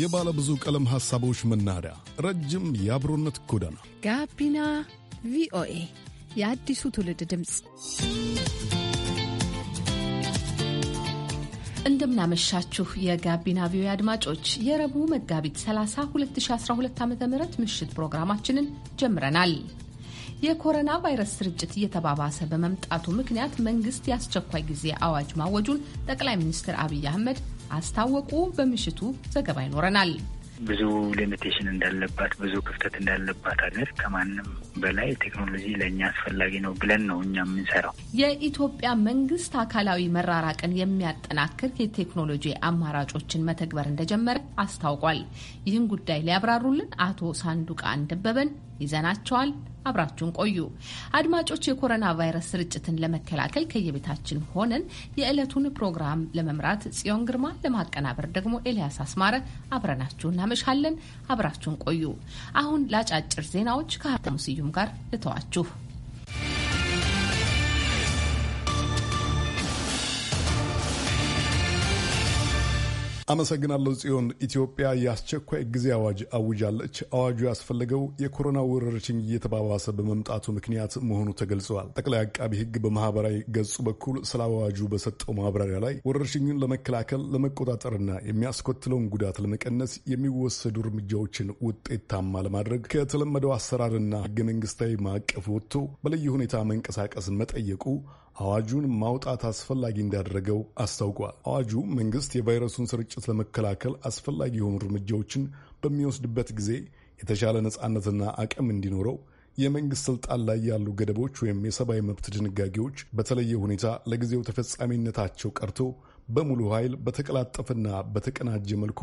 የባለ ብዙ ቀለም ሐሳቦች መናኸሪያ፣ ረጅም የአብሮነት ጎዳና ጋቢና ቪኦኤ የአዲሱ ትውልድ ድምፅ። እንደምናመሻችሁ የጋቢና ቪዮ አድማጮች፣ የረቡዕ መጋቢት 30 2012 ዓ ም ምሽት ፕሮግራማችንን ጀምረናል። የኮሮና ቫይረስ ስርጭት እየተባባሰ በመምጣቱ ምክንያት መንግስት የአስቸኳይ ጊዜ አዋጅ ማወጁን ጠቅላይ ሚኒስትር አብይ አህመድ አስታወቁ። በምሽቱ ዘገባ ይኖረናል። ብዙ ሊሚቴሽን እንዳለባት ብዙ ክፍተት እንዳለባት ሀገር ከማንም በላይ ቴክኖሎጂ ለእኛ አስፈላጊ ነው ብለን ነው እኛ የምንሰራው። የኢትዮጵያ መንግስት አካላዊ መራራቅን የሚያጠናክር የቴክኖሎጂ አማራጮችን መተግበር እንደጀመረ አስታውቋል። ይህን ጉዳይ ሊያብራሩልን አቶ ሳንዱቃ አንደበበን ይዘናቸዋል። አብራችሁን ቆዩ አድማጮች። የኮሮና ቫይረስ ስርጭትን ለመከላከል ከየቤታችን ሆነን የዕለቱን ፕሮግራም ለመምራት ጽዮን ግርማ፣ ለማቀናበር ደግሞ ኤልያስ አስማረ አብረናችሁ እናመሻለን። አብራችሁን ቆዩ። አሁን ለአጫጭር ዜናዎች ከሀብታሙ ስዩም ጋር ልተዋችሁ። አመሰግናለሁ ጽዮን። ኢትዮጵያ የአስቸኳይ ጊዜ አዋጅ አውጃለች። አዋጁ ያስፈለገው የኮሮና ወረርሽኝ እየተባባሰ በመምጣቱ ምክንያት መሆኑ ተገልጸዋል። ጠቅላይ አቃቢ ሕግ በማህበራዊ ገጹ በኩል ስለ አዋጁ በሰጠው ማብራሪያ ላይ ወረርሽኙን ለመከላከል ለመቆጣጠርና የሚያስከትለውን ጉዳት ለመቀነስ የሚወሰዱ እርምጃዎችን ውጤታማ ለማድረግ ከተለመደው አሰራርና ሕገ መንግስታዊ ማዕቀፍ ወጥቶ በልዩ ሁኔታ መንቀሳቀስ መጠየቁ አዋጁን ማውጣት አስፈላጊ እንዳደረገው አስታውቋል። አዋጁ መንግስት የቫይረሱን ስርጭት ለመከላከል አስፈላጊ የሆኑ እርምጃዎችን በሚወስድበት ጊዜ የተሻለ ነጻነትና አቅም እንዲኖረው የመንግስት ስልጣን ላይ ያሉ ገደቦች ወይም የሰብአዊ መብት ድንጋጌዎች በተለየ ሁኔታ ለጊዜው ተፈጻሚነታቸው ቀርቶ በሙሉ ኃይል በተቀላጠፈና በተቀናጀ መልኩ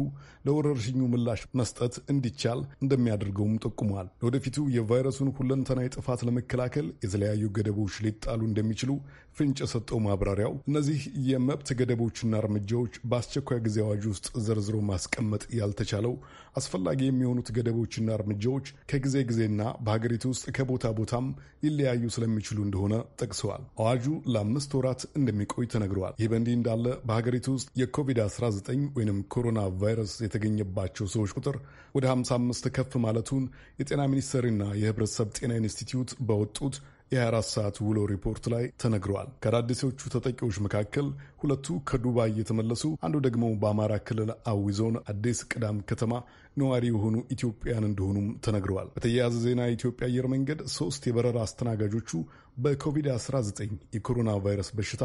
ለወረርሽኙ ምላሽ መስጠት እንዲቻል እንደሚያደርገውም ጠቁሟል። ለወደፊቱ የቫይረሱን ሁለንተናዊ ጥፋት ለመከላከል የተለያዩ ገደቦች ሊጣሉ እንደሚችሉ ፍንጭ የሰጠው ማብራሪያው እነዚህ የመብት ገደቦችና እርምጃዎች በአስቸኳይ ጊዜ አዋጅ ውስጥ ዘርዝሮ ማስቀመጥ ያልተቻለው አስፈላጊ የሚሆኑት ገደቦችና እርምጃዎች ከጊዜ ጊዜና በሀገሪቱ ውስጥ ከቦታ ቦታም ሊለያዩ ስለሚችሉ እንደሆነ ጠቅሰዋል። አዋጁ ለአምስት ወራት እንደሚቆይ ተነግረዋል። ይህ በእንዲህ እንዳለ በሀገሪቱ ውስጥ የኮቪድ-19 ወይም ኮሮና ቫይረስ የተገኘባቸው ሰዎች ቁጥር ወደ 55 ከፍ ማለቱን የጤና ሚኒስቴርና የህብረተሰብ ጤና ኢንስቲትዩት በወጡት የ24 ሰዓት ውሎ ሪፖርት ላይ ተነግረዋል። ከአዳዲሶቹ ተጠቂዎች መካከል ሁለቱ ከዱባይ እየተመለሱ አንዱ ደግሞ በአማራ ክልል አዊ ዞን አዲስ ቅዳም ከተማ ነዋሪ የሆኑ ኢትዮጵያን እንደሆኑም ተነግረዋል። በተያያዘ ዜና የኢትዮጵያ አየር መንገድ ሶስት የበረራ አስተናጋጆቹ በኮቪድ-19 የኮሮና ቫይረስ በሽታ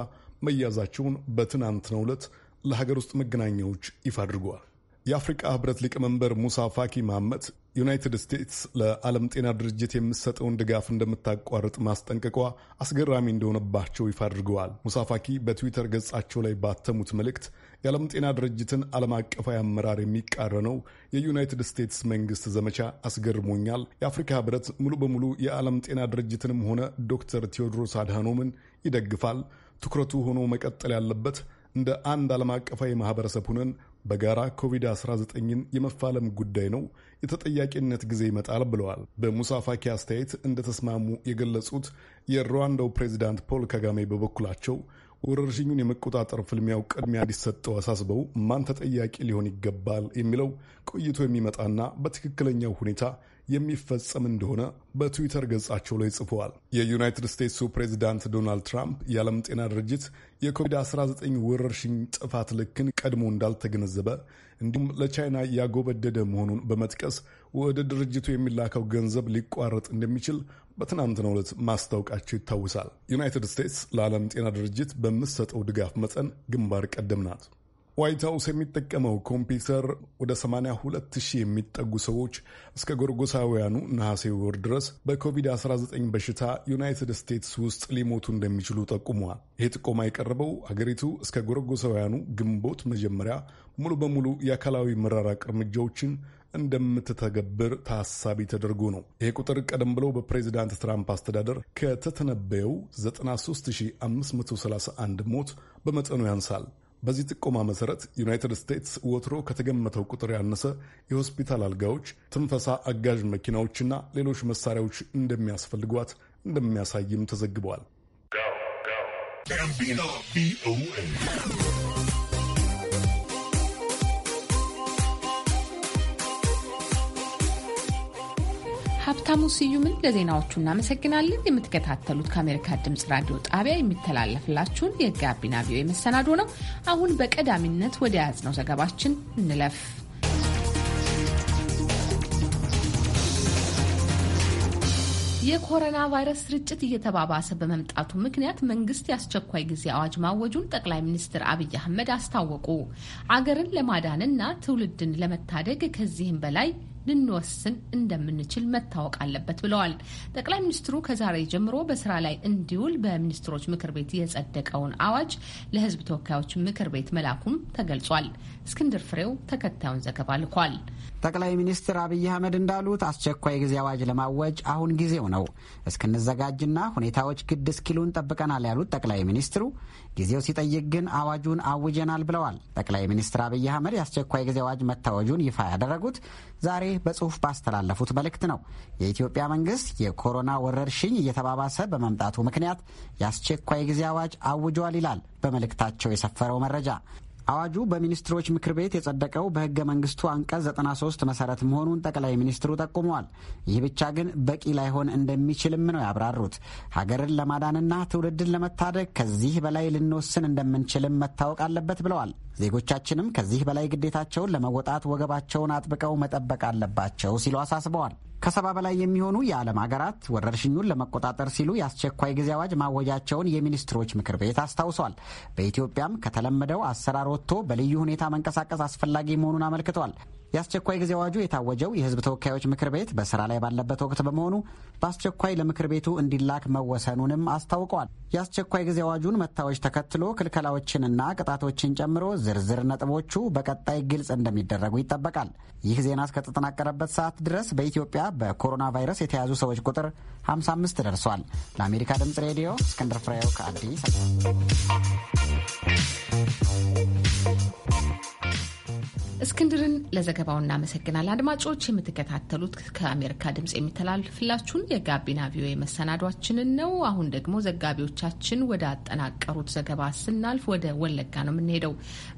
መያዛቸውን በትናንትናው ዕለት ለሀገር ውስጥ መገናኛዎች ይፋ አድርገዋል። የአፍሪቃ ህብረት ሊቀመንበር ሙሳ ፋኪ ማመት ዩናይትድ ስቴትስ ለዓለም ጤና ድርጅት የምትሰጠውን ድጋፍ እንደምታቋርጥ ማስጠንቀቋ አስገራሚ እንደሆነባቸው ይፋ አድርገዋል። ሙሳ ፋኪ በትዊተር ገጻቸው ላይ ባተሙት መልእክት የዓለም ጤና ድርጅትን ዓለም አቀፋዊ አመራር የሚቃረነው የዩናይትድ ስቴትስ መንግስት ዘመቻ አስገርሞኛል። የአፍሪካ ህብረት ሙሉ በሙሉ የዓለም ጤና ድርጅትንም ሆነ ዶክተር ቴዎድሮስ አድሃኖምን ይደግፋል። ትኩረቱ ሆኖ መቀጠል ያለበት እንደ አንድ ዓለም አቀፋዊ ማህበረሰብ ሆነን በጋራ ኮቪድ-19ን የመፋለም ጉዳይ ነው የተጠያቂነት ጊዜ ይመጣል ብለዋል። በሙሳፋኪ አስተያየት እንደተስማሙ የገለጹት የሩዋንዳው ፕሬዚዳንት ፖል ካጋሜ በበኩላቸው ወረርሽኙን የመቆጣጠር ፍልሚያው ቅድሚያ እንዲሰጠው አሳስበው ማን ተጠያቂ ሊሆን ይገባል የሚለው ቆይቶ የሚመጣና በትክክለኛው ሁኔታ የሚፈጸም እንደሆነ በትዊተር ገጻቸው ላይ ጽፈዋል። የዩናይትድ ስቴትሱ ፕሬዚዳንት ዶናልድ ትራምፕ የዓለም ጤና ድርጅት የኮቪድ-19 ወረርሽኝ ጥፋት ልክን ቀድሞ እንዳልተገነዘበ እንዲሁም ለቻይና ያጎበደደ መሆኑን በመጥቀስ ወደ ድርጅቱ የሚላከው ገንዘብ ሊቋረጥ እንደሚችል በትናንትናው ዕለት ማስታወቃቸው ይታወሳል። ዩናይትድ ስቴትስ ለዓለም ጤና ድርጅት በምትሰጠው ድጋፍ መጠን ግንባር ቀደም ናት። ዋይት ሀውስ የሚጠቀመው ኮምፒውተር ወደ 82 ሺህ የሚጠጉ ሰዎች እስከ ጎርጎሳውያኑ ነሐሴ ወር ድረስ በኮቪድ-19 በሽታ ዩናይትድ ስቴትስ ውስጥ ሊሞቱ እንደሚችሉ ጠቁመዋል። ይህ ጥቆማ የቀረበው አገሪቱ እስከ ጎርጎሳውያኑ ግንቦት መጀመሪያ ሙሉ በሙሉ የአካላዊ መራራቅ እርምጃዎችን እንደምትተገብር ታሳቢ ተደርጎ ነው። ይህ ቁጥር ቀደም ብሎ በፕሬዚዳንት ትራምፕ አስተዳደር ከተተነበየው 93531 ሞት በመጠኑ ያንሳል። በዚህ ጥቆማ መሰረት ዩናይትድ ስቴትስ ወትሮ ከተገመተው ቁጥር ያነሰ የሆስፒታል አልጋዎች፣ ትንፈሳ አጋዥ መኪናዎችና ሌሎች መሳሪያዎች እንደሚያስፈልጓት እንደሚያሳይም ተዘግበዋል። ሀብታሙ ስዩምን ለዜናዎቹ እናመሰግናለን። የምትከታተሉት ከአሜሪካ ድምፅ ራዲዮ ጣቢያ የሚተላለፍላችሁን የጋቢና ቪኦኤ መሰናዶ ነው። አሁን በቀዳሚነት ወደ ያዝነው ዘገባችን እንለፍ። የኮሮና ቫይረስ ስርጭት እየተባባሰ በመምጣቱ ምክንያት መንግስት የአስቸኳይ ጊዜ አዋጅ ማወጁን ጠቅላይ ሚኒስትር አብይ አህመድ አስታወቁ። አገርን ለማዳንና ትውልድን ለመታደግ ከዚህም በላይ ልንወስን እንደምንችል መታወቅ አለበት ብለዋል። ጠቅላይ ሚኒስትሩ ከዛሬ ጀምሮ በስራ ላይ እንዲውል በሚኒስትሮች ምክር ቤት የጸደቀውን አዋጅ ለሕዝብ ተወካዮች ምክር ቤት መላኩም ተገልጿል። እስክንድር ፍሬው ተከታዩን ዘገባ ልኳል። ጠቅላይ ሚኒስትር አብይ አህመድ እንዳሉት አስቸኳይ ጊዜ አዋጅ ለማወጅ አሁን ጊዜው ነው። እስክንዘጋጅና ሁኔታዎች ግድ እስኪሉን ጠብቀናል ያሉት ጠቅላይ ሚኒስትሩ ጊዜው ሲጠይቅ ግን አዋጁን አውጀናል ብለዋል። ጠቅላይ ሚኒስትር አብይ አህመድ የአስቸኳይ ጊዜ አዋጅ መታወጁን ይፋ ያደረጉት ዛሬ በጽሁፍ ባስተላለፉት መልእክት ነው። የኢትዮጵያ መንግስት የኮሮና ወረርሽኝ እየተባባሰ በመምጣቱ ምክንያት የአስቸኳይ ጊዜ አዋጅ አውጇል ይላል በመልእክታቸው የሰፈረው መረጃ። አዋጁ በሚኒስትሮች ምክር ቤት የጸደቀው በህገ መንግስቱ አንቀጽ 93 መሰረት መሆኑን ጠቅላይ ሚኒስትሩ ጠቁመዋል። ይህ ብቻ ግን በቂ ላይሆን እንደሚችልም ነው ያብራሩት። ሀገርን ለማዳንና ትውልድን ለመታደግ ከዚህ በላይ ልንወስን እንደምንችልም መታወቅ አለበት ብለዋል። ዜጎቻችንም ከዚህ በላይ ግዴታቸውን ለመወጣት ወገባቸውን አጥብቀው መጠበቅ አለባቸው ሲሉ አሳስበዋል። ከሰባ በላይ የሚሆኑ የዓለም ሀገራት ወረርሽኙን ለመቆጣጠር ሲሉ የአስቸኳይ ጊዜ አዋጅ ማወጃቸውን የሚኒስትሮች ምክር ቤት አስታውሷል። በኢትዮጵያም ከተለመደው አሰራር ወጥቶ በልዩ ሁኔታ መንቀሳቀስ አስፈላጊ መሆኑን አመልክቷል። የአስቸኳይ ጊዜ አዋጁ የታወጀው የህዝብ ተወካዮች ምክር ቤት በስራ ላይ ባለበት ወቅት በመሆኑ በአስቸኳይ ለምክር ቤቱ እንዲላክ መወሰኑንም አስታውቀዋል። የአስቸኳይ ጊዜ አዋጁን መታወጅ ተከትሎ ክልከላዎችንና ቅጣቶችን ጨምሮ ዝርዝር ነጥቦቹ በቀጣይ ግልጽ እንደሚደረጉ ይጠበቃል። ይህ ዜና እስከተጠናቀረበት ሰዓት ድረስ በኢትዮጵያ በኮሮና ቫይረስ የተያዙ ሰዎች ቁጥር 55 ደርሷል። ለአሜሪካ ድምጽ ሬዲዮ እስክንድር ፍሬው ከአዲስ እስክንድርን ለዘገባው እናመሰግናለን። አድማጮች የምትከታተሉት ከአሜሪካ ድምጽ የሚተላልፍላችሁን የጋቢና ቪኦኤ መሰናዷችንን ነው። አሁን ደግሞ ዘጋቢዎቻችን ወደ አጠናቀሩት ዘገባ ስናልፍ ወደ ወለጋ ነው የምንሄደው።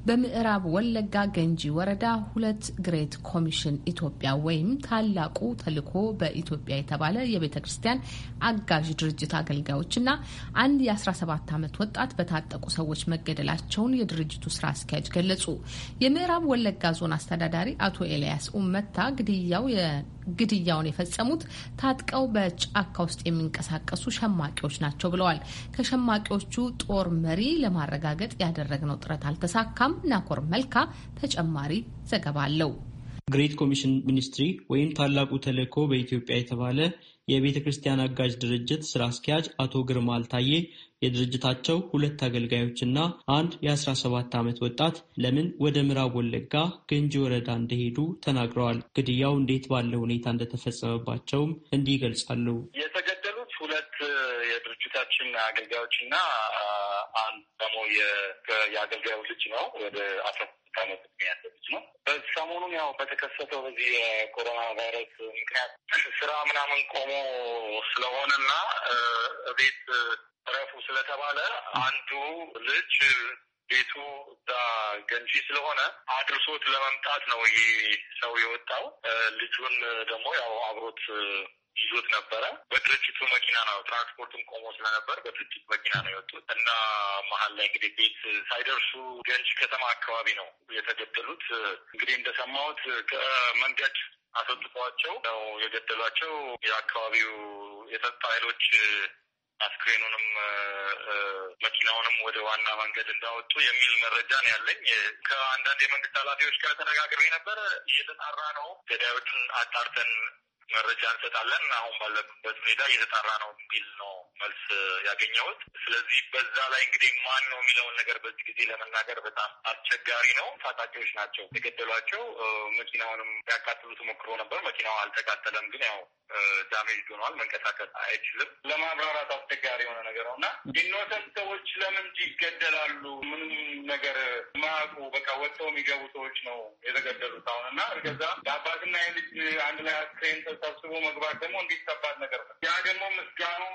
በምዕራብ ወለጋ ገንጂ ወረዳ ሁለት ግሬት ኮሚሽን ኢትዮጵያ ወይም ታላቁ ተልኮ በኢትዮጵያ የተባለ የቤተ ክርስቲያን አጋዥ ድርጅት አገልጋዮችና አንድ የ17 ዓመት ወጣት በታጠቁ ሰዎች መገደላቸውን የድርጅቱ ስራ አስኪያጅ ገለጹ። የምዕራብ ወለጋ ዞን አስተዳዳሪ አቶ ኤልያስ ኡመታ ግድያው ግድያውን የፈጸሙት ታጥቀው በጫካ ውስጥ የሚንቀሳቀሱ ሸማቂዎች ናቸው ብለዋል። ከሸማቂዎቹ ጦር መሪ ለማረጋገጥ ያደረግነው ጥረት አልተሳካም። ናኮር መልካ ተጨማሪ ዘገባ አለው። ግሬት ኮሚሽን ሚኒስትሪ ወይም ታላቁ ተልእኮ በኢትዮጵያ የተባለ የቤተ ክርስቲያን አጋዥ ድርጅት ስራ አስኪያጅ አቶ ግርማ አልታዬ የድርጅታቸው ሁለት አገልጋዮችና አንድ የ17 ዓመት ወጣት ለምን ወደ ምዕራብ ወለጋ ገንጂ ወረዳ እንደሄዱ ተናግረዋል። ግድያው እንዴት ባለ ሁኔታ እንደተፈጸመባቸውም እንዲህ ይገልጻሉ። የተገደሉ ሁለት የድርጅታችን አገልጋዮች እና አንድ ደግሞ የአገልጋዩ ልጅ ነው ወደ አስራ ዓመት ምክንያት ልጅ ነው። በሰሞኑን ያው በተከሰተው በዚህ የኮሮና ቫይረስ ምክንያት ስራ ምናምን ቆሞ ስለሆነ ስለሆነና ቤት ረፉ ስለተባለ አንዱ ልጅ ቤቱ እዛ ገንጂ ስለሆነ አድርሶት ለመምጣት ነው ይሄ ሰው የወጣው። ልጁን ደግሞ ያው አብሮት ይዞት ነበረ። በድርጅቱ መኪና ነው፣ ትራንስፖርቱም ቆሞ ስለነበር በድርጅት መኪና ነው የወጡት እና መሀል ላይ እንግዲህ ቤት ሳይደርሱ ገንጅ ከተማ አካባቢ ነው የተገደሉት። እንግዲህ እንደሰማሁት ከመንገድ አስወጥተዋቸው ነው የገደሏቸው። የአካባቢው የጸጥታ ኃይሎች አስክሬኑንም መኪናውንም ወደ ዋና መንገድ እንዳወጡ የሚል መረጃ ነው ያለኝ። ከአንዳንድ የመንግስት ኃላፊዎች ጋር ተነጋግሬ ነበረ። እየተጣራ ነው ገዳዮቹን አጣርተን መረጃ እንሰጣለን። አሁን ባለበት ሁኔታ እየተጣራ ነው የሚል ነው መልስ ያገኘሁት። ስለዚህ በዛ ላይ እንግዲህ ማን ነው የሚለውን ነገር በዚህ ጊዜ ለመናገር በጣም አስቸጋሪ ነው። ታጣቂዎች ናቸው የገደሏቸው። መኪናውንም ያቃጥሉት ሞክሮ ነበር። መኪናው አልተቃጠለም፣ ግን ያው ዳሜጅ ሆኗል። መንቀሳቀስ አይችልም። ለማብራራት አስቸጋሪ የሆነ ነገር ነው እና ኢኖሰንት ሰዎች ለምን ይገደላሉ? ምንም ነገር ማቁ በቃ ወጥተው የሚገቡ ሰዎች ነው የተገደሉት አሁን እና እርገዛ የአባትና የልጅ አንድ ላይ አስክሬን ተሰብስቦ መግባት ደግሞ እንዴት ከባድ ነገር ነው። ያ ደግሞ ምስጋናው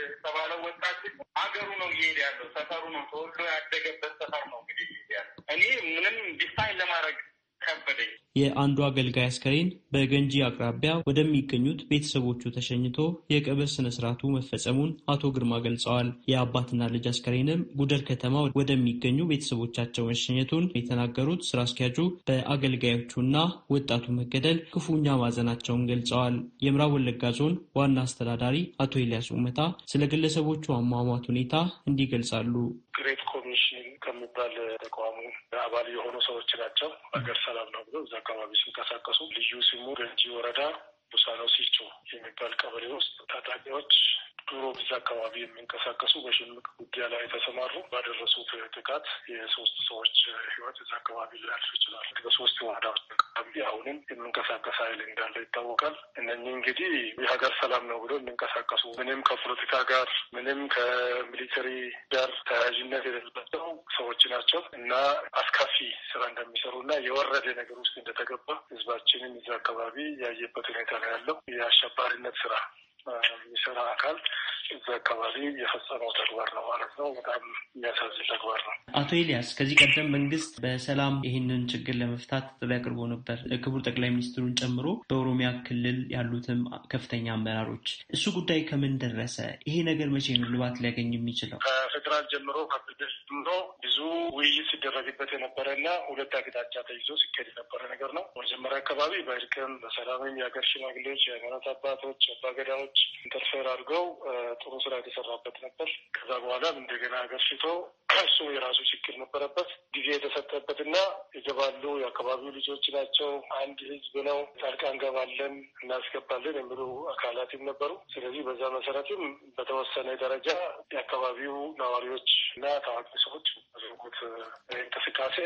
የተባለው ወጣት ሀገሩ ነው እየሄደ ያለው፣ ሰፈሩ ነው ተወልዶ ያደገበት ሰፈር ነው እንግዲህ እየሄደ ያለው። እኔ ምንም ዲስታይን ለማድረግ ከበደኝ። የአንዱ አገልጋይ አስከሬን በገንጂ አቅራቢያ ወደሚገኙት ቤተሰቦቹ ተሸኝቶ የቀብር ስነስርዓቱ መፈጸሙን አቶ ግርማ ገልጸዋል። የአባትና ልጅ አስከሬንም ጉደር ከተማ ወደሚገኙ ቤተሰቦቻቸው መሸኘቱን የተናገሩት ስራ አስኪያጁ በአገልጋዮቹና ወጣቱ መገደል ክፉኛ ማዘናቸውን ገልጸዋል። የምዕራብ ወለጋ ዞን ዋና አስተዳዳሪ አቶ ኤልያስ ኡመታ ስለ ግለሰቦቹ አሟሟት ሁኔታ እንዲገልጻሉ ሺህ ከሚባል ተቋሙ አባል የሆኑ ሰዎች ናቸው። ሀገር ሰላም ነው ብሎ እዛ አካባቢ ሲንቀሳቀሱ ልዩ ሲሙ ገንጂ ወረዳ ቡሳኖ ሲቾ የሚባል ቀበሌ ውስጥ ታጣቂዎች ዱሮ ብዙ አካባቢ የሚንቀሳቀሱ በሽምቅ ውጊያ ላይ ተሰማሩ ባደረሱት ጥቃት የሶስት ሰዎች ህይወት እዛ አካባቢ ሊያልፍ ይችላል። በሶስት ወረዳዎች አካባቢ አሁንም የምንቀሳቀስ ኃይል እንዳለ ይታወቃል። እነኚህ እንግዲህ የሀገር ሰላም ነው ብሎ የሚንቀሳቀሱ ምንም ከፖለቲካ ጋር ምንም ከሚሊተሪ ጋር ተያያዥነት የሌላቸው ሰዎች ናቸው እና አስካፊ ስራ እንደሚሰሩ እና የወረደ ነገር ውስጥ እንደተገባ ህዝባችንም እዛ አካባቢ ያየበት ሁኔታ ነው ያለው የአሸባሪነት ስራ የሚሰራ አካል እዚ አካባቢ የፈጸመው ተግባር ነው ማለት ነው። በጣም የሚያሳዝን ተግባር ነው። አቶ ኤልያስ ከዚህ ቀደም መንግስት በሰላም ይህንን ችግር ለመፍታት ጥሪ አቅርቦ ነበር፣ ክቡር ጠቅላይ ሚኒስትሩን ጨምሮ በኦሮሚያ ክልል ያሉትም ከፍተኛ አመራሮች። እሱ ጉዳይ ከምን ደረሰ? ይሄ ነገር መቼ ነው ልባት ሊያገኝ የሚችለው? ከፌዴራል ጀምሮ ከክልል ጀምሮ ብዙ ውይይት ሲደረግበት የነበረና ሁለት አቅጣጫ ተይዞ ሲካሄድ የነበረ ነገር ነው። መጀመሪያ አካባቢ በእርቅም በሰላምም የሀገር ሽማግሌዎች፣ የሃይማኖት አባቶች፣ አባገዳዎች ሰዎች ኢንተርፌር አድርገው ጥሩ ስራ የተሰራበት ነበር። ከዛ በኋላም እንደገና ገርሽቶ እሱ የራሱ ችግር ነበረበት። ጊዜ የተሰጠበትና ይገባሉ የአካባቢው ልጆች ናቸው፣ አንድ ህዝብ ነው፣ ጣልቃ እንገባለን እናስገባለን የሚሉ አካላትም ነበሩ። ስለዚህ በዛ መሰረትም በተወሰነ ደረጃ የአካባቢው ነዋሪዎች እና ታዋቂ ሰዎች ያደረጉት እንቅስቃሴ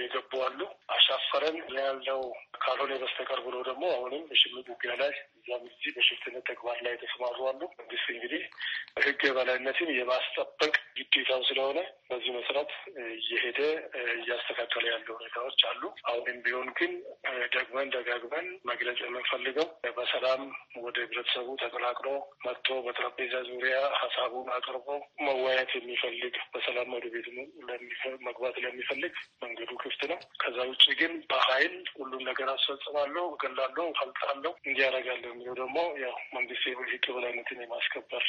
የገቡ አሉ። አሻፈረን ያለው ካልሆነ በስተቀር ብሎ ደግሞ አሁንም በሽምቅ ውጊያ ላይ እዚያም እዚህ በሽፍትነት ተግባር ላይ ላይ የተሰማሩ አሉ። መንግስት እንግዲህ ህግ የበላይነትን የማስጠበቅ ግዴታው ስለሆነ በዚህ መሰረት እየሄደ እያስተካከለ ያለው ሁኔታዎች አሉ። አሁንም ቢሆን ግን ደግመን ደጋግመን መግለጽ የምንፈልገው በሰላም ወደ ህብረተሰቡ ተቀላቅሎ መጥቶ በጠረጴዛ ዙሪያ ሀሳቡን አቅርቦ መወያየት የሚፈልግ በሰላም ወደ ቤት መግባት ለሚፈልግ መንገዱ ክፍት ነው። ከዛ ውጭ ግን በሀይል ሁሉም ነገር አስፈጽማለሁ፣ እገላለሁ፣ ፈልጣለሁ እንዲያደርጋለሁ የሚለው ደግሞ ያው መንግስት ሎጂክ የሆነ አይነትን የማስከበር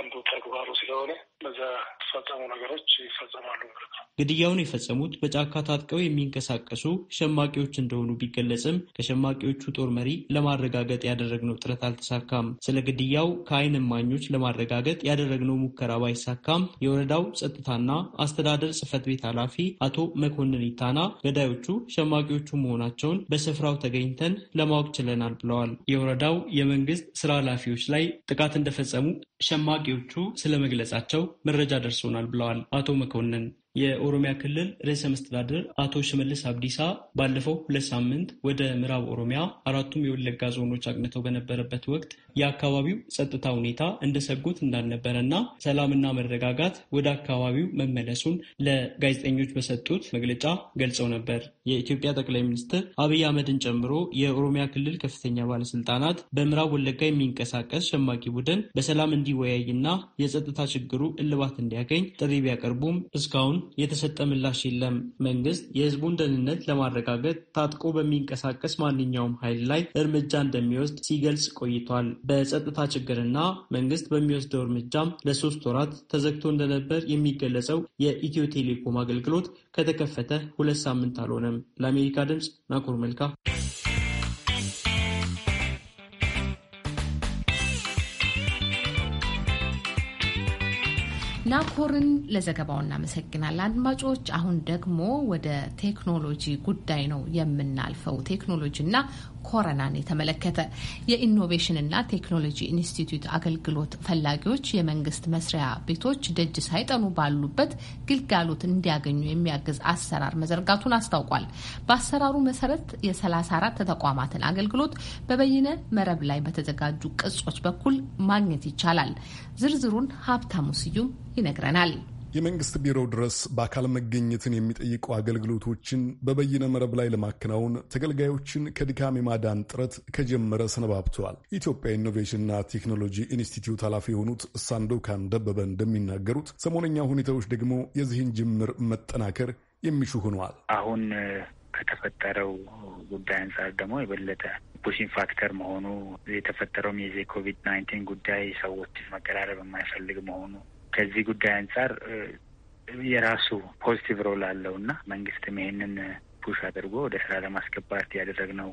አንዱ ተግባሩ ስለሆነ በዛ የተፈጸሙ ነገሮች ይፈጸማሉ ማለት ነው። ግድያውን የፈጸሙት በጫካ ታጥቀው የሚንቀሳቀሱ ሸማቂዎች እንደሆኑ ቢገለጽም ከሸማቂዎቹ ጦር መሪ ለማረጋገጥ ያደረግነው ጥረት አልተሳካም። ስለ ግድያው ከዓይን እማኞች ለማረጋገጥ ያደረግነው ሙከራ ባይሳካም የወረዳው ጸጥታና አስተዳደር ጽሕፈት ቤት ኃላፊ አቶ መኮንን ይታና ገዳዮቹ ሸማቂዎቹ መሆናቸውን በስፍራው ተገኝተን ለማወቅ ችለናል ብለዋል። የወረዳው የመንግስት ስራ ኃላፊዎች ላይ ጥቃት እንደፈጸሙ ሸማቂዎቹ ስለመግለጻቸው መረጃ ደርሶናል ብለዋል አቶ መኮንን። የኦሮሚያ ክልል ርዕሰ መስተዳድር አቶ ሽመልስ አብዲሳ ባለፈው ሁለት ሳምንት ወደ ምዕራብ ኦሮሚያ አራቱም የወለጋ ዞኖች አቅንተው በነበረበት ወቅት የአካባቢው ጸጥታ ሁኔታ እንደሰጉት እንዳልነበረና ሰላምና መረጋጋት ወደ አካባቢው መመለሱን ለጋዜጠኞች በሰጡት መግለጫ ገልጸው ነበር። የኢትዮጵያ ጠቅላይ ሚኒስትር አብይ አህመድን ጨምሮ የኦሮሚያ ክልል ከፍተኛ ባለስልጣናት በምዕራብ ወለጋ የሚንቀሳቀስ ሸማቂ ቡድን በሰላም እንዲወያይና የጸጥታ ችግሩ እልባት እንዲያገኝ ጥሪ ቢያቀርቡም እስካሁን የተሰጠ ምላሽ የለም። መንግስት የህዝቡን ደህንነት ለማረጋገጥ ታጥቆ በሚንቀሳቀስ ማንኛውም ኃይል ላይ እርምጃ እንደሚወስድ ሲገልጽ ቆይቷል። በጸጥታ ችግርና መንግስት በሚወስደው እርምጃም ለሶስት ወራት ተዘግቶ እንደነበር የሚገለጸው የኢትዮ ቴሌኮም አገልግሎት ከተከፈተ ሁለት ሳምንት አልሆነም። ለአሜሪካ ድምፅ ናኮር መልካ። ናኮርን ለዘገባው እናመሰግናለን። አድማጮች፣ አሁን ደግሞ ወደ ቴክኖሎጂ ጉዳይ ነው የምናልፈው። ቴክኖሎጂና ኮረናን የተመለከተ የኢኖቬሽንና ቴክኖሎጂ ኢንስቲትዩት አገልግሎት ፈላጊዎች የመንግስት መስሪያ ቤቶች ደጅ ሳይጠኑ ባሉበት ግልጋሎት እንዲያገኙ የሚያግዝ አሰራር መዘርጋቱን አስታውቋል። በአሰራሩ መሰረት የ34 ተቋማትን አገልግሎት በበይነ መረብ ላይ በተዘጋጁ ቅጾች በኩል ማግኘት ይቻላል። ዝርዝሩን ሀብታሙ ስዩም ይነግረናል። የመንግስት ቢሮ ድረስ በአካል መገኘትን የሚጠይቁ አገልግሎቶችን በበይነ መረብ ላይ ለማከናወን ተገልጋዮችን ከድካም የማዳን ጥረት ከጀመረ ሰነባብተዋል። የኢትዮጵያ ኢኖቬሽንና ቴክኖሎጂ ኢንስቲትዩት ኃላፊ የሆኑት ሳንዶካን ደበበ እንደሚናገሩት ሰሞነኛ ሁኔታዎች ደግሞ የዚህን ጅምር መጠናከር የሚሹ ሆነዋል። አሁን ከተፈጠረው ጉዳይ አንጻር ደግሞ የበለጠ ፑሽን ፋክተር መሆኑ የተፈጠረውም የዚህ ኮቪድ ናይንቲን ጉዳይ ሰዎችን መቀራረብ የማይፈልግ መሆኑ ከዚህ ጉዳይ አንጻር የራሱ ፖዚቲቭ ሮል አለው እና መንግስትም ይሄንን ፑሽ አድርጎ ወደ ስራ ለማስገባት ያደረግነው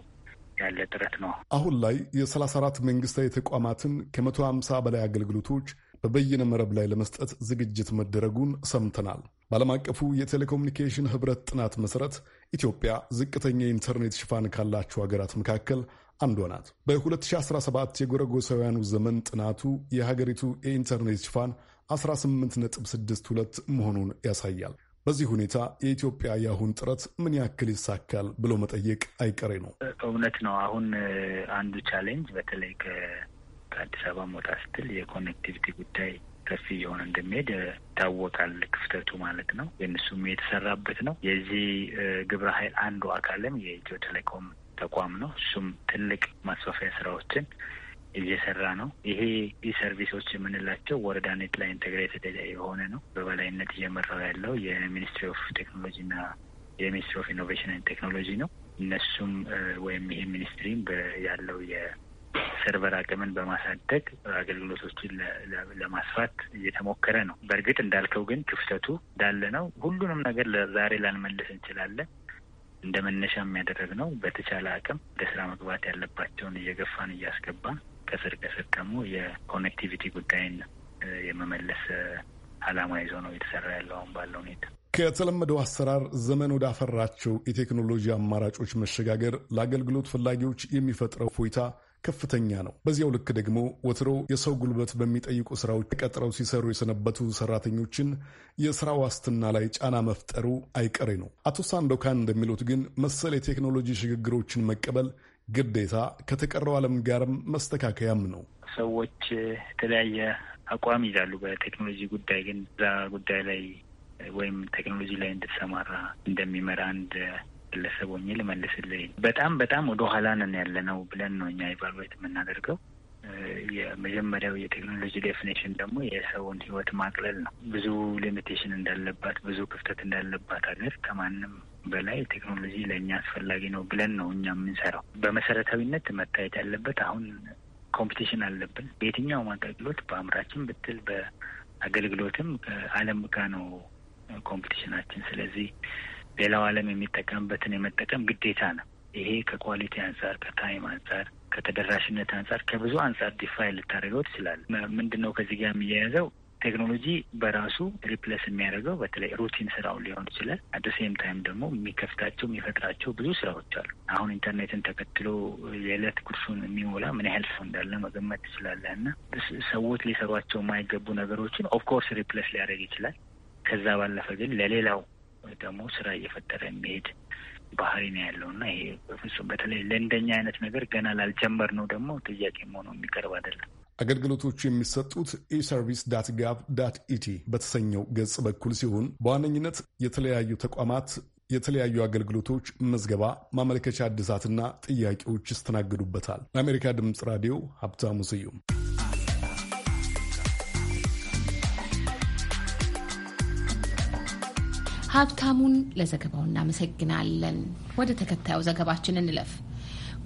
ያለ ጥረት ነው። አሁን ላይ የሰላሳ አራት መንግስታዊ ተቋማትን ከመቶ ሀምሳ በላይ አገልግሎቶች በበይነ መረብ ላይ ለመስጠት ዝግጅት መደረጉን ሰምተናል። በዓለም አቀፉ የቴሌኮሙኒኬሽን ህብረት ጥናት መሠረት ኢትዮጵያ ዝቅተኛ የኢንተርኔት ሽፋን ካላቸው ሀገራት መካከል አንዷ ናት። በ2017 የጎረጎሳውያኑ ዘመን ጥናቱ የሀገሪቱ የኢንተርኔት ሽፋን 18.62 መሆኑን ያሳያል። በዚህ ሁኔታ የኢትዮጵያ የአሁን ጥረት ምን ያክል ይሳካል ብሎ መጠየቅ አይቀሬ ነው። እውነት ነው። አሁን አንዱ ቻሌንጅ በተለይ ከአዲስ አበባ ሞታ ስትል የኮኔክቲቪቲ ጉዳይ ሰፊ የሆነ እንደሚሄድ ይታወቃል። ክፍተቱ ማለት ነው። የእነሱም የተሰራበት ነው። የዚህ ግብረ ኃይል አንዱ አካልም የኢትዮ ቴሌኮም ተቋም ነው። እሱም ትልቅ ማስፋፊያ ስራዎችን እየሰራ ነው። ይሄ ሰርቪሶች የምንላቸው ወረዳ ኔት ላይ ኢንተግሬትድ የሆነ ነው። በበላይነት እየመራው ያለው የሚኒስትሪ ኦፍ ቴክኖሎጂና የሚኒስትሪ ኦፍ ኢኖቬሽን ቴክኖሎጂ ነው። እነሱም ወይም ይሄ ሚኒስትሪም ያለው የሰርቨር አቅምን በማሳደግ አገልግሎቶችን ለማስፋት እየተሞከረ ነው። በእርግጥ እንዳልከው ግን ክፍተቱ እንዳለ ነው። ሁሉንም ነገር ዛሬ ላንመልስ እንችላለን። እንደ መነሻ የሚያደረግ ነው። በተቻለ አቅም ወደ ስራ መግባት ያለባቸውን እየገፋን እያስገባን ከስር ከስር ደግሞ የኮኔክቲቪቲ ጉዳይን የመመለስ አላማ ይዞ ነው የተሰራ ያለው አሁን ባለው ሁኔታ። ከተለመደው አሰራር ዘመን ወዳፈራቸው የቴክኖሎጂ አማራጮች መሸጋገር ለአገልግሎት ፈላጊዎች የሚፈጥረው ፎይታ ከፍተኛ ነው። በዚያው ልክ ደግሞ ወትሮ የሰው ጉልበት በሚጠይቁ ስራዎች ተቀጥረው ሲሰሩ የሰነበቱ ሰራተኞችን የስራ ዋስትና ላይ ጫና መፍጠሩ አይቀሬ ነው። አቶ ሳንዶካን እንደሚሉት ግን መሰል የቴክኖሎጂ ሽግግሮችን መቀበል ግዴታ ከተቀረው ዓለም ጋርም መስተካከያም ነው። ሰዎች የተለያየ አቋም ይዛሉ። በቴክኖሎጂ ጉዳይ ግን እዛ ጉዳይ ላይ ወይም ቴክኖሎጂ ላይ እንድትሰማራ እንደሚመራ አንድ ግለሰብ ሆኜ ልመልስልኝ። በጣም በጣም ወደ ኋላ ነን ያለ ነው ብለን ነው እኛ ኢቫሉዌት የምናደርገው። የመጀመሪያው የቴክኖሎጂ ዴፊኔሽን ደግሞ የሰውን ህይወት ማቅለል ነው። ብዙ ሊሚቴሽን እንዳለባት፣ ብዙ ክፍተት እንዳለባት ሀገር ከማንም በላይ ቴክኖሎጂ ለእኛ አስፈላጊ ነው ብለን ነው እኛ የምንሰራው። በመሰረታዊነት መታየት ያለበት አሁን ኮምፒቲሽን አለብን። በየትኛውም አገልግሎት በአምራችን ብትል በአገልግሎትም ከዓለም ጋር ነው ኮምፒቲሽናችን። ስለዚህ ሌላው ዓለም የሚጠቀምበትን የመጠቀም ግዴታ ነው። ይሄ ከኳሊቲ አንጻር፣ ከታይም አንጻር፣ ከተደራሽነት አንጻር፣ ከብዙ አንጻር ዲፋይ ልታደርገው ትችላል። ምንድን ነው ከዚህ ጋር የሚያያዘው ቴክኖሎጂ በራሱ ሪፕለስ የሚያደርገው በተለይ ሩቲን ስራውን ሊሆን ይችላል። አደ ሴም ታይም ደግሞ የሚከፍታቸው የሚፈጥራቸው ብዙ ስራዎች አሉ። አሁን ኢንተርኔትን ተከትሎ የዕለት ጉርሱን የሚሞላ ምን ያህል ሰው እንዳለ መገመት ትችላለህ። እና ሰዎች ሊሰሯቸው የማይገቡ ነገሮችን ኦፍኮርስ ሪፕለስ ሊያደርግ ይችላል። ከዛ ባለፈ ግን ለሌላው ደግሞ ስራ እየፈጠረ የሚሄድ ባህሪ ነው ያለው እና ይሄ በፍጹም በተለይ ለእንደኛ አይነት ነገር ገና ላልጀመር ነው ደግሞ ጥያቄ መሆኑ የሚቀርብ አይደለም። አገልግሎቶቹ የሚሰጡት ኢሰርቪስ ዳት ጋቭ ዳት ኢቲ በተሰኘው ገጽ በኩል ሲሆን በዋነኝነት የተለያዩ ተቋማት የተለያዩ አገልግሎቶች መዝገባ፣ ማመልከቻ እድሳትና ጥያቄዎች ይስተናግዱበታል። ለአሜሪካ ድምፅ ራዲዮ ሀብታሙ ስዩም። ሀብታሙን ለዘገባው እናመሰግናለን። ወደ ተከታዩ ዘገባችን እንለፍ።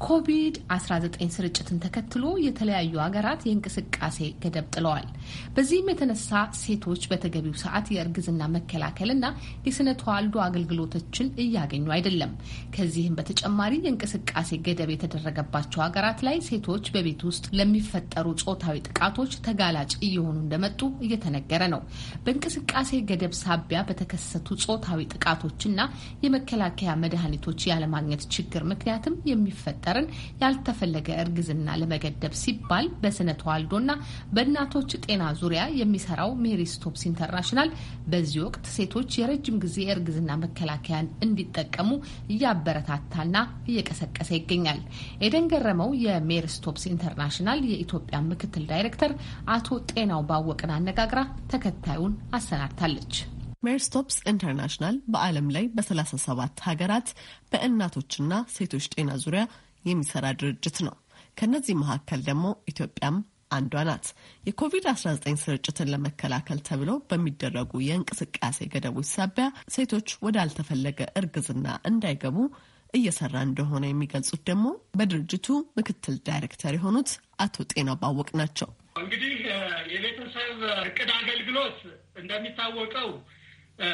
ኮቪድ-19 ስርጭትን ተከትሎ የተለያዩ ሀገራት የእንቅስቃሴ ገደብ ጥለዋል። በዚህም የተነሳ ሴቶች በተገቢው ሰዓት የእርግዝና መከላከልና የስነ ተዋልዶ አገልግሎቶችን እያገኙ አይደለም። ከዚህም በተጨማሪ የእንቅስቃሴ ገደብ የተደረገባቸው ሀገራት ላይ ሴቶች በቤት ውስጥ ለሚፈጠሩ ጾታዊ ጥቃቶች ተጋላጭ እየሆኑ እንደመጡ እየተነገረ ነው። በእንቅስቃሴ ገደብ ሳቢያ በተከሰቱ ጾታዊ ጥቃቶችና የመከላከያ መድኃኒቶች ያለማግኘት ችግር ምክንያትም የሚፈጠ ካንሰርን ያልተፈለገ እርግዝና ለመገደብ ሲባል በስነ ተዋልዶና በእናቶች ጤና ዙሪያ የሚሰራው ሜሪ ስቶፕስ ኢንተርናሽናል በዚህ ወቅት ሴቶች የረጅም ጊዜ የእርግዝና መከላከያን እንዲጠቀሙ እያበረታታና እየቀሰቀሰ ይገኛል። ኤደን ገረመው የሜሪ ስቶፕስ ኢንተርናሽናል የኢትዮጵያ ምክትል ዳይሬክተር አቶ ጤናው ባወቅን አነጋግራ ተከታዩን አሰናድታለች። ሜሪ ስቶፕስ ኢንተርናሽናል በዓለም ላይ በ37 ሀገራት በእናቶችና ሴቶች ጤና ዙሪያ የሚሰራ ድርጅት ነው። ከእነዚህ መካከል ደግሞ ኢትዮጵያም አንዷ ናት። የኮቪድ-19 ስርጭትን ለመከላከል ተብለው በሚደረጉ የእንቅስቃሴ ገደቦች ሳቢያ ሴቶች ወዳልተፈለገ እርግዝና እንዳይገቡ እየሰራ እንደሆነ የሚገልጹት ደግሞ በድርጅቱ ምክትል ዳይሬክተር የሆኑት አቶ ጤናው ባወቅ ናቸው። እንግዲህ የቤተሰብ እቅድ አገልግሎት እንደሚታወቀው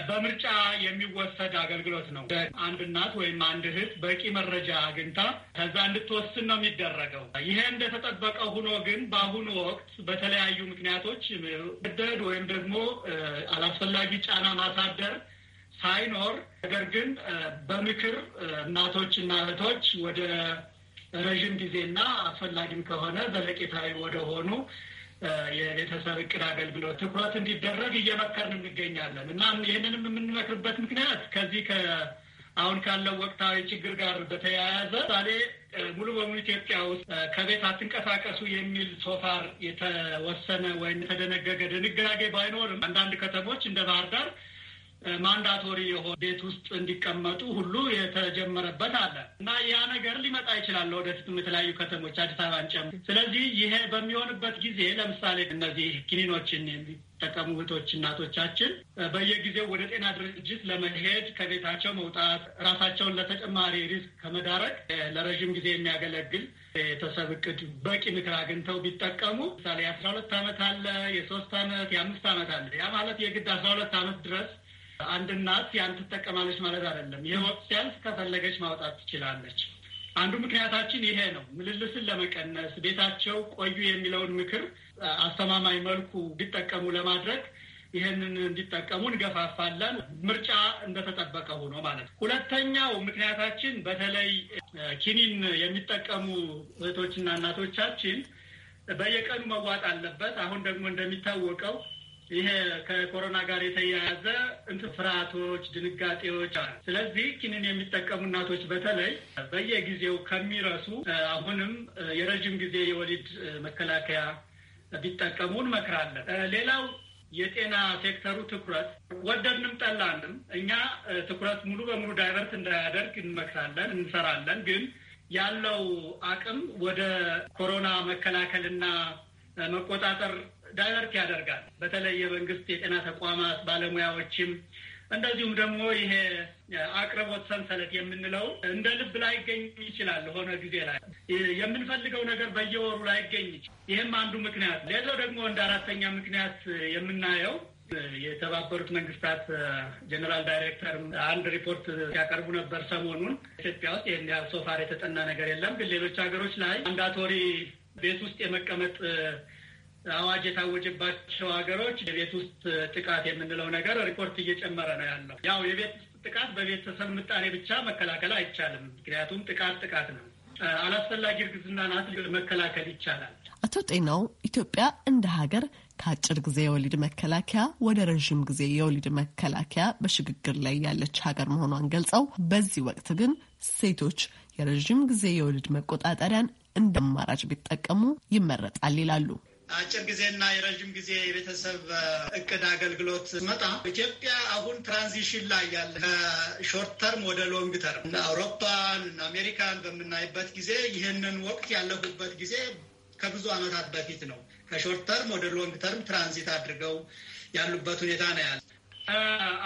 በምርጫ የሚወሰድ አገልግሎት ነው። አንድ እናት ወይም አንድ እህት በቂ መረጃ አግኝታ ከዛ እንድትወስን ነው የሚደረገው። ይሄ እንደተጠበቀ ሁኖ ግን በአሁኑ ወቅት በተለያዩ ምክንያቶች መገደድ ወይም ደግሞ አላስፈላጊ ጫና ማሳደር ሳይኖር ነገር ግን በምክር እናቶች እና እህቶች ወደ ረዥም ጊዜና አስፈላጊም ከሆነ ዘለቄታዊ ወደሆኑ የቤተሰብ እቅድ አገልግሎት ትኩረት እንዲደረግ እየመከርን እንገኛለን እና ይህንንም የምንመክርበት ምክንያት ከዚህ አሁን ካለው ወቅታዊ ችግር ጋር በተያያዘ ዛሬ ሙሉ በሙሉ ኢትዮጵያ ውስጥ ከቤት አትንቀሳቀሱ የሚል ሶፋር የተወሰነ ወይም የተደነገገ ድንጋጌ ባይኖርም አንዳንድ ከተሞች እንደ ባህር ዳር ማንዳቶሪ የሆነ ቤት ውስጥ እንዲቀመጡ ሁሉ የተጀመረበት አለ እና ያ ነገር ሊመጣ ይችላል ወደፊትም የተለያዩ ከተሞች አዲስ አበባን ጨምሮ። ስለዚህ ይሄ በሚሆንበት ጊዜ ለምሳሌ እነዚህ ኪኒኖችን የሚጠቀሙ እህቶች እናቶቻችን በየጊዜው ወደ ጤና ድርጅት ለመሄድ ከቤታቸው መውጣት ራሳቸውን ለተጨማሪ ሪስክ ከመዳረግ ለረዥም ጊዜ የሚያገለግል ቤተሰብ እቅድ በቂ ምክር አግኝተው ቢጠቀሙ ምሳሌ የአስራ ሁለት ዓመት አለ የሶስት ዓመት የአምስት አመት አለ ያ ማለት የግድ አስራ ሁለት ዓመት ድረስ አንድ እናት ያን ትጠቀማለች ማለት አይደለም። የወጥ ሲያንስ ከፈለገች ማውጣት ትችላለች። አንዱ ምክንያታችን ይሄ ነው። ምልልስን ለመቀነስ ቤታቸው ቆዩ የሚለውን ምክር አስተማማኝ መልኩ እንዲጠቀሙ ለማድረግ ይህንን እንዲጠቀሙ እንገፋፋለን። ምርጫ እንደተጠበቀ ሆኖ ማለት ነው። ሁለተኛው ምክንያታችን በተለይ ኪኒን የሚጠቀሙ እህቶችና እናቶቻችን በየቀኑ መዋጥ አለበት። አሁን ደግሞ እንደሚታወቀው ይሄ ከኮሮና ጋር የተያያዘ እንትን ፍርሃቶች፣ ድንጋጤዎች አሉ። ስለዚህ ኪንን የሚጠቀሙ እናቶች በተለይ በየጊዜው ከሚረሱ አሁንም የረዥም ጊዜ የወሊድ መከላከያ ቢጠቀሙ እንመክራለን። ሌላው የጤና ሴክተሩ ትኩረት ወደድንም ጠላንም እኛ ትኩረት ሙሉ በሙሉ ዳይቨርት እንዳያደርግ እንመክራለን፣ እንሰራለን። ግን ያለው አቅም ወደ ኮሮና መከላከልና መቆጣጠር ዳይቨርት ያደርጋል። በተለይ የመንግስት የጤና ተቋማት ባለሙያዎችም እንደዚሁም ደግሞ ይሄ አቅርቦት ሰንሰለት የምንለው እንደ ልብ ላይገኝ ይችላል። ሆነ ጊዜ ላይ የምንፈልገው ነገር በየወሩ ላይገኝ ይችላል። ይህም አንዱ ምክንያት። ሌላው ደግሞ እንደ አራተኛ ምክንያት የምናየው የተባበሩት መንግስታት ጀኔራል ዳይሬክተር አንድ ሪፖርት ሲያቀርቡ ነበር ሰሞኑን። ኢትዮጵያ ውስጥ ይህን ያህል ሶፋር የተጠና ነገር የለም፣ ግን ሌሎች ሀገሮች ላይ አንዳቶሪ ቤት ውስጥ የመቀመጥ አዋጅ የታወጀባቸው ሀገሮች የቤት ውስጥ ጥቃት የምንለው ነገር ሪፖርት እየጨመረ ነው ያለው። ያው የቤት ውስጥ ጥቃት በቤተሰብ ምጣኔ ብቻ መከላከል አይቻልም። ምክንያቱም ጥቃት ጥቃት ነው። አላስፈላጊ እርግዝና ናት መከላከል ይቻላል። አቶ ጤናው ኢትዮጵያ እንደ ሀገር ከአጭር ጊዜ የወሊድ መከላከያ ወደ ረዥም ጊዜ የወሊድ መከላከያ በሽግግር ላይ ያለች ሀገር መሆኗን ገልጸው በዚህ ወቅት ግን ሴቶች የረዥም ጊዜ የወሊድ መቆጣጠሪያን እንደ አማራጭ ቢጠቀሙ ይመረጣል ይላሉ። አጭር ጊዜና የረዥም ጊዜ የቤተሰብ እቅድ አገልግሎት መጣ። ኢትዮጵያ አሁን ትራንዚሽን ላይ ያለ ከሾርት ተርም ወደ ሎንግ ተርም እና አውሮፓን እና አሜሪካን በምናይበት ጊዜ ይህንን ወቅት ያለፉበት ጊዜ ከብዙ ዓመታት በፊት ነው። ከሾርት ተርም ወደ ሎንግ ተርም ትራንዚት አድርገው ያሉበት ሁኔታ ነው ያለ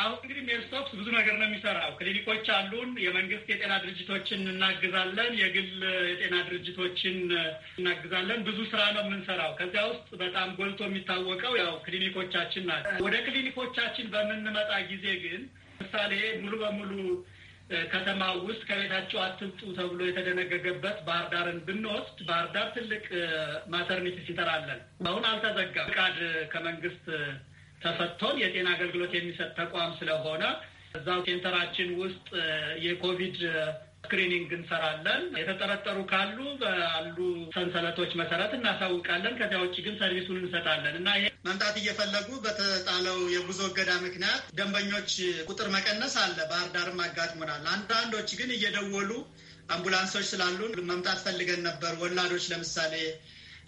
አሁን እንግዲህ ሜርስቶፕስ ብዙ ነገር ነው የሚሰራው። ክሊኒኮች አሉን። የመንግስት የጤና ድርጅቶችን እናግዛለን። የግል የጤና ድርጅቶችን እናግዛለን። ብዙ ስራ ነው የምንሰራው። ከዚያ ውስጥ በጣም ጎልቶ የሚታወቀው ያው ክሊኒኮቻችን ናቸው። ወደ ክሊኒኮቻችን በምንመጣ ጊዜ ግን ምሳሌ ሙሉ በሙሉ ከተማ ውስጥ ከቤታቸው አትልጡ ተብሎ የተደነገገበት ባህር ዳርን ብንወስድ ባህር ዳር ትልቅ ማተርኒቲ ሲተር አሁን አልተዘጋም። ፍቃድ ከመንግስት ተፈቶን የጤና አገልግሎት የሚሰጥ ተቋም ስለሆነ እዛው ሴንተራችን ውስጥ የኮቪድ ስክሪኒንግ እንሰራለን። የተጠረጠሩ ካሉ ባሉ ሰንሰለቶች መሰረት እናሳውቃለን። ከዚያ ውጭ ግን ሰርቪሱን እንሰጣለን እና ይሄ መምጣት እየፈለጉ በተጣለው የጉዞ እገዳ ምክንያት ደንበኞች ቁጥር መቀነስ አለ። ባህር ዳርም አጋጥሞናል። አንዳንዶች ግን እየደወሉ አምቡላንሶች ስላሉን መምጣት ፈልገን ነበር፣ ወላዶች ለምሳሌ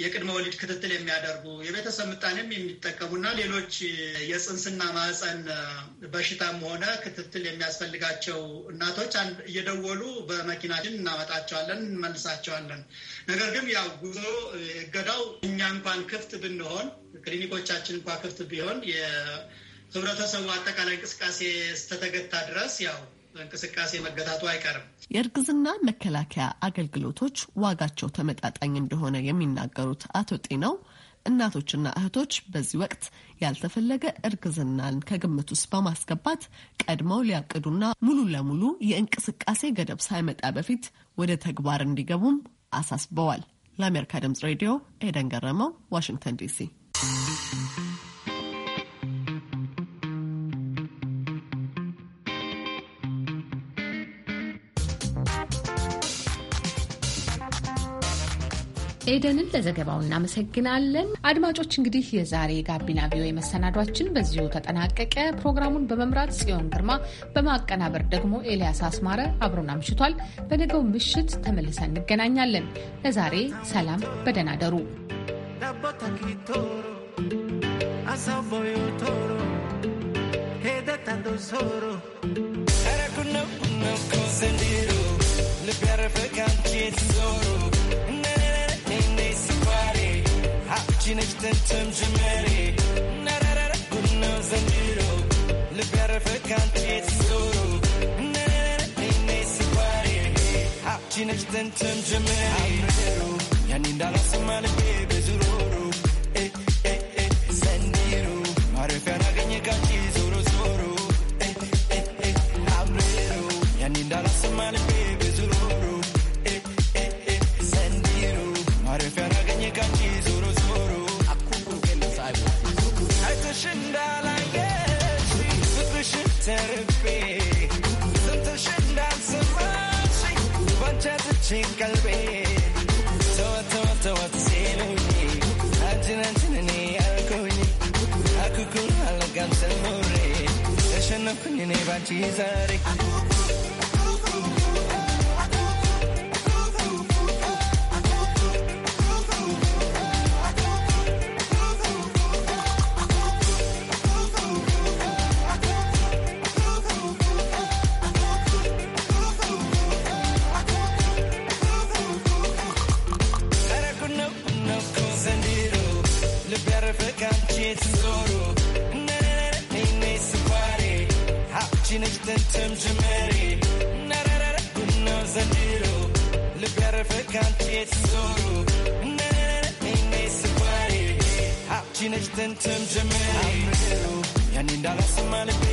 የቅድመ ወሊድ ክትትል የሚያደርጉ የቤተሰብ ምጣኔም የሚጠቀሙና ሌሎች የጽንስና ማህፀን በሽታም ሆነ ክትትል የሚያስፈልጋቸው እናቶች እየደወሉ በመኪናችን እናመጣቸዋለን፣ እንመልሳቸዋለን። ነገር ግን ያው ጉዞ እገዳው እኛ እንኳን ክፍት ብንሆን ክሊኒኮቻችን እንኳ ክፍት ቢሆን የህብረተሰቡ አጠቃላይ እንቅስቃሴ እስተተገታ ድረስ ያው እንቅስቃሴ መገታቱ አይቀርም። የእርግዝና መከላከያ አገልግሎቶች ዋጋቸው ተመጣጣኝ እንደሆነ የሚናገሩት አቶ ጤናው እናቶችና እህቶች በዚህ ወቅት ያልተፈለገ እርግዝናን ከግምት ውስጥ በማስገባት ቀድመው ሊያቅዱና ሙሉ ለሙሉ የእንቅስቃሴ ገደብ ሳይመጣ በፊት ወደ ተግባር እንዲገቡም አሳስበዋል። ለአሜሪካ ድምጽ ሬዲዮ ኤደን ገረመው፣ ዋሽንግተን ዲሲ ኤደንን ለዘገባው እናመሰግናለን። አድማጮች እንግዲህ የዛሬ ጋቢና ቪኦኤ መሰናዷችን በዚሁ ተጠናቀቀ። ፕሮግራሙን በመምራት ጽዮን ግርማ፣ በማቀናበር ደግሞ ኤልያስ አስማረ አብሮን አምሽቷል። በነገው ምሽት ተመልሰን እንገናኛለን። ለዛሬ ሰላም፣ በደህና ደሩ። le piare e tesoro አንቺነች ትንትም ጅመሬ ነረረ ጉነው ዘንድሮ ልብ ያረፈ ካንቺ ተዞሮ ነረረ እኔ ስባሬ አንቺነች ትንትም ጅመሬ ያኔ እንዳላስማ ልቤ በዙሮ cikin kalbe ta wata wata wata sai na yi a jiran jina ne ya koyi akukun halagantar more ta shanakun ne ba ci zare nothing to me.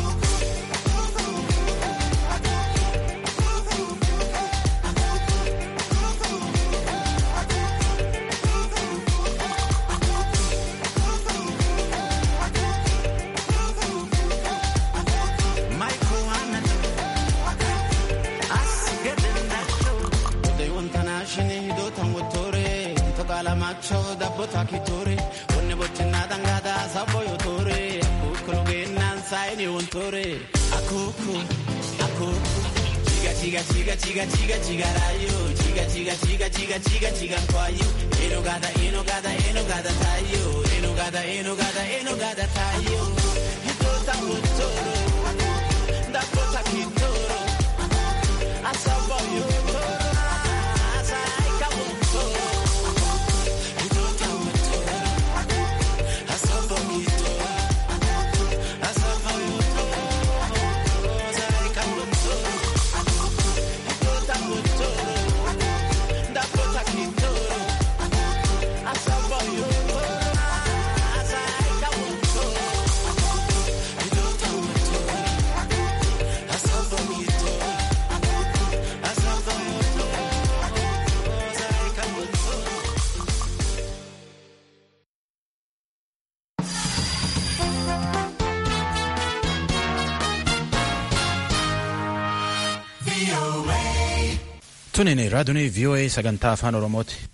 boota kitore tore chiga chiga chiga chiga chiga chiga rayo chiga chiga chiga chiga chiga chiga kwayo enogada enogada enogada tayo enogada enogada enogada tayo hitota wontoro Tuni raadiyoon VOA eh, sagantaa afaan Oromooti.